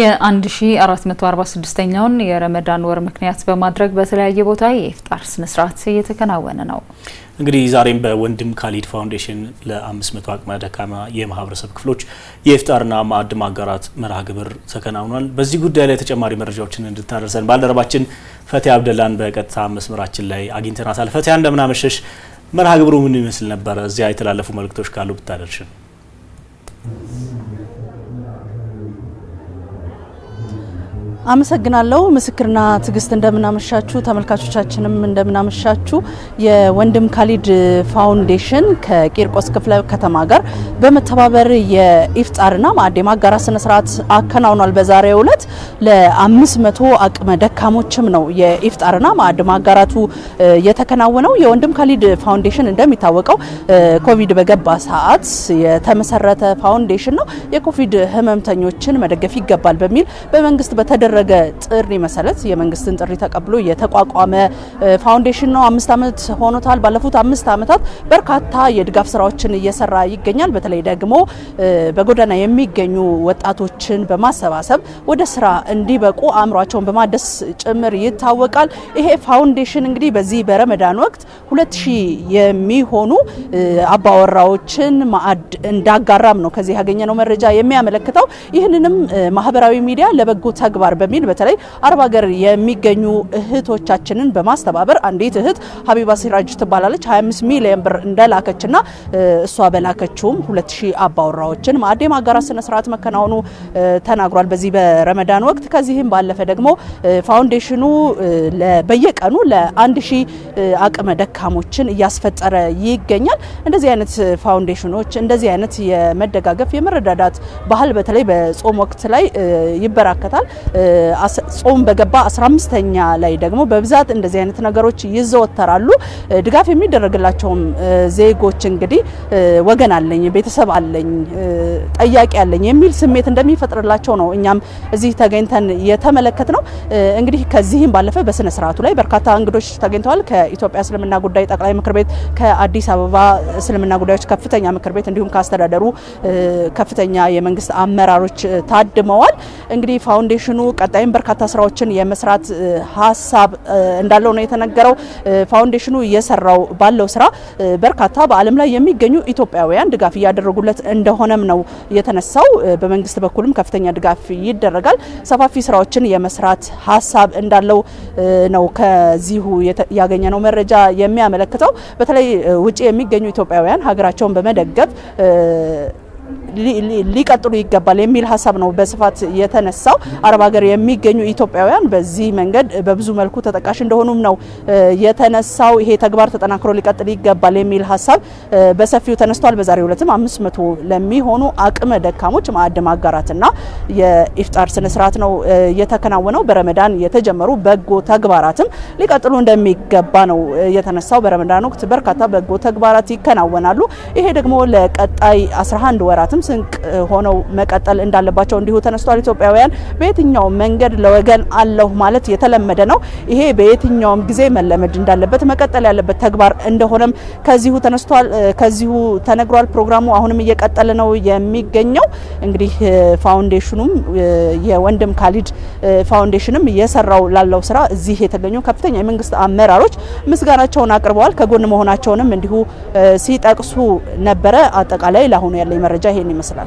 የ1446ኛውን የረመዳን ወር ምክንያት በማድረግ በተለያየ ቦታ የኢፍጣር ስነስርዓት እየተከናወነ ነው። እንግዲህ ዛሬም በወንድም ካሊድ ፋውንዴሽን ለ500 አቅመ ደካማ የማህበረሰብ ክፍሎች የኢፍጣርና ማዕድ ማጋራት መርሃ ግብር ተከናውኗል። በዚህ ጉዳይ ላይ ተጨማሪ መረጃዎችን እንድታደርሰን ባልደረባችን ፈቲያ አብደላን በቀጥታ መስመራችን ላይ አግኝተናታል። ፈቲያ እንደምናመሸሽ። መርሃ ግብሩ ምን ይመስል ነበረ? እዚያ የተላለፉ መልእክቶች ካሉ ብታደርሽን አመሰግናለሁ ምስክርና ትግስት እንደምናመሻችሁ ተመልካቾቻችንም እንደምናመሻችሁ። የወንድም ካሊድ ፋውንዴሽን ከቂርቆስ ክፍለ ከተማ ጋር በመተባበር የኢፍጣርና ማዕድ የማጋራት ስነ ስርዓት አከናውኗል። በዛሬው ዕለት ለ500 አቅመ ደካሞችም ነው የኢፍጣርና ማዕድ ማጋራቱ የተከናወነው። የወንድም ካሊድ ፋውንዴሽን እንደሚታወቀው ኮቪድ በገባ ሰዓት የተመሰረተ ፋውንዴሽን ነው። የኮቪድ ህመምተኞችን መደገፍ ይገባል በሚል በመንግስት በተደ በተደረገ ጥሪ መሰረት የመንግስትን ጥሪ ተቀብሎ የተቋቋመ ፋውንዴሽን ነው። አምስት ዓመት ሆኖታል። ባለፉት አምስት ዓመታት በርካታ የድጋፍ ስራዎችን እየሰራ ይገኛል። በተለይ ደግሞ በጎዳና የሚገኙ ወጣቶችን በማሰባሰብ ወደ ስራ እንዲበቁ አእምሯቸውን በማደስ ጭምር ይታወቃል። ይሄ ፋውንዴሽን እንግዲህ በዚህ በረመዳን ወቅት ሁለት ሺህ የሚሆኑ አባወራዎችን ማዕድ እንዳጋራም ነው ከዚህ ያገኘነው መረጃ የሚያመለክተው። ይህንንም ማህበራዊ ሚዲያ ለበጎ ተግባር በሚል በተለይ አረብ ሀገር የሚገኙ እህቶቻችንን በማስተባበር አንዲት እህት ሀቢባ ሲራጅ ትባላለች 25 ሚሊዮን ብር እንደላከችና እሷ በላከችውም 2000 አባወራዎችን ማዕድ ማጋራት ስነ ስርዓት መከናወኑ ተናግሯል። በዚህ በረመዳን ወቅት ከዚህም ባለፈ ደግሞ ፋውንዴሽኑ በየቀኑ ለአንድ ሺህ አቅመ ደካሞችን እያስፈጠረ ይገኛል። እንደዚህ አይነት ፋውንዴሽኖች እንደዚህ አይነት የመደጋገፍ የመረዳዳት ባህል በተለይ በጾም ወቅት ላይ ይበራከታል። ጾም በገባ 15ኛ ላይ ደግሞ በብዛት እንደዚህ አይነት ነገሮች ይዘወተራሉ። ድጋፍ የሚደረግላቸውም ዜጎች እንግዲህ ወገን አለኝ፣ ቤተሰብ አለኝ፣ ጠያቂ አለኝ የሚል ስሜት እንደሚፈጥርላቸው ነው እኛም እዚህ ተገኝተን የተመለከት ነው። እንግዲህ ከዚህም ባለፈ በስነ ስርዓቱ ላይ በርካታ እንግዶች ተገኝተዋል። ከኢትዮጵያ እስልምና ጉዳይ ጠቅላይ ምክር ቤት፣ ከአዲስ አበባ እስልምና ጉዳዮች ከፍተኛ ምክር ቤት እንዲሁም ከአስተዳደሩ ከፍተኛ የመንግስት አመራሮች ታድመዋል። እንግዲህ ፋውንዴሽኑ ቀጣይም በርካታ ስራዎችን የመስራት ሀሳብ እንዳለው ነው የተነገረው። ፋውንዴሽኑ እየሰራው ባለው ስራ በርካታ በዓለም ላይ የሚገኙ ኢትዮጵያውያን ድጋፍ እያደረጉለት እንደሆነም ነው የተነሳው። በመንግስት በኩልም ከፍተኛ ድጋፍ ይደረጋል። ሰፋፊ ስራዎችን የመስራት ሀሳብ እንዳለው ነው ከዚሁ ያገኘነው መረጃ የሚያመለክተው። በተለይ ውጭ የሚገኙ ኢትዮጵያውያን ሀገራቸውን በመደገፍ ሊቀጥሉ ይገባል የሚል ሀሳብ ነው በስፋት የተነሳው። አረብ ሀገር የሚገኙ ኢትዮጵያውያን በዚህ መንገድ በብዙ መልኩ ተጠቃሽ እንደሆኑም ነው የተነሳው። ይሄ ተግባር ተጠናክሮ ሊቀጥል ይገባል የሚል ሀሳብ በሰፊው ተነስቷል። በዛሬው ዕለትም አምስት መቶ ለሚሆኑ አቅመ ደካሞች ማዕድ ማጋራትና የኢፍጣር ስነስርዓት ነው የተከናወነው። በረመዳን የተጀመሩ በጎ ተግባራትም ሊቀጥሉ እንደሚገባ ነው የተነሳው። በረመዳን ወቅት በርካታ በጎ ተግባራት ይከናወናሉ። ይሄ ደግሞ ለቀጣይ 11 ወራትም ስንቅ ሆነው መቀጠል እንዳለባቸው እንዲሁ ተነስቷል። ኢትዮጵያውያን በየትኛው መንገድ ለወገን አለሁ ማለት የተለመደ ነው። ይሄ በየትኛውም ጊዜ መለመድ እንዳለበት መቀጠል ያለበት ተግባር እንደሆነም ከዚሁ ተነስቷል፣ ከዚሁ ተነግሯል። ፕሮግራሙ አሁንም እየቀጠለ ነው የሚገኘው። እንግዲህ ፋውንዴሽኑም የወንድም ካሊድ ፋውንዴሽንም እየሰራው ላለው ስራ እዚህ የተገኙ ከፍተኛ የመንግስት አመራሮች ምስጋናቸውን አቅርበዋል። ከጎን መሆናቸውንም እንዲሁ ሲጠቅሱ ነበረ። አጠቃላይ ለአሁኑ ያለኝ መረጃ ይሄን ይመስላል።